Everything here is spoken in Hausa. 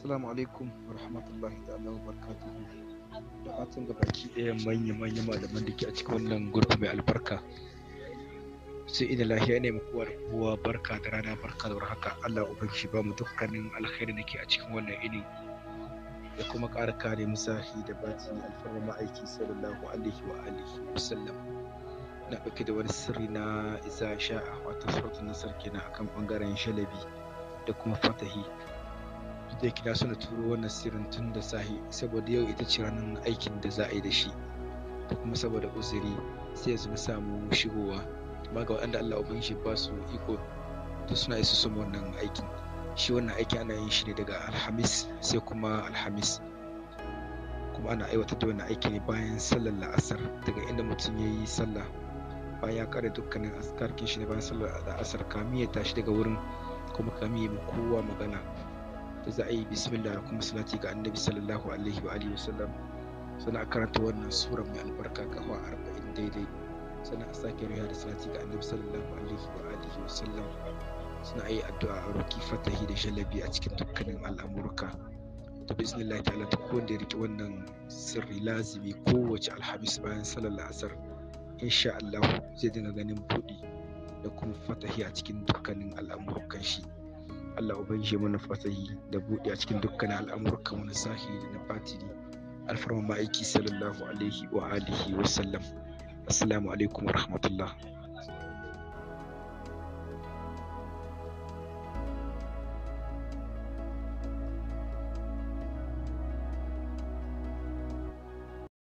Assalamu alaikum wa rahmatullahi ta'ala wa barakatuhu. Da fatan ga baki ɗaya manya manya malaman da ke a cikin wannan gurbi mai albarka. Sai ina lahiya ne mu kowa da kowa barka da rana barka da haka Allah shi ba mu dukkanin alkhairi da ke a cikin wannan ilimi Da kuma ƙara kare musahi da batini alfarma ma'aiki sallallahu alaihi wa alihi wa Na ɗauke da wani sirri na isa sha'a wato suratun nasar kenan akan ɓangaren shalabi da kuma fatahi. da ya kira suna turo wannan sirrin tun da sahi saboda yau ita ce ranar aikin da za a yi da shi da kuma saboda uzuri sai yanzu na samu shigowa ba ga waɗanda Allah shi ba su iko to suna isa su wannan aikin shi wannan aiki ana yin shi ne daga alhamis sai kuma alhamis kuma ana aiwatar da wannan aiki ne bayan sallar la'asar daga inda mutum ya yi sallah bayan ya kare dukkanin askarkin shi ne bayan sallar la'asar kamiyya ya tashi daga wurin kuma kamiyya mu kowa magana da za a yi bismillah da kuma salati ga annabi sallallahu alaihi wa alihi wasallam sana a karanta wannan sura mai albarka kafa arba'in daidai sana a sake riya da salati ga annabi sallallahu alaihi wa alihi wasallam sana a yi addu'a a roki fatahi da shalabi a cikin dukkanin al'amurka to bismillah ta'ala ta wanda ya riƙe wannan sirri lazimi kowace alhamis bayan sallar la'asar insha Allah zai dinga ganin buɗi da kuma fatahi a cikin dukkanin al'amurkan shi. Allah ubangiji mana fasahi da buɗe a cikin dukkan al'amuran mu na zahiri da na batini alfarma ma'aiki sallallahu alaihi wa alihi wa sallam assalamu alaikum wa rahmatullah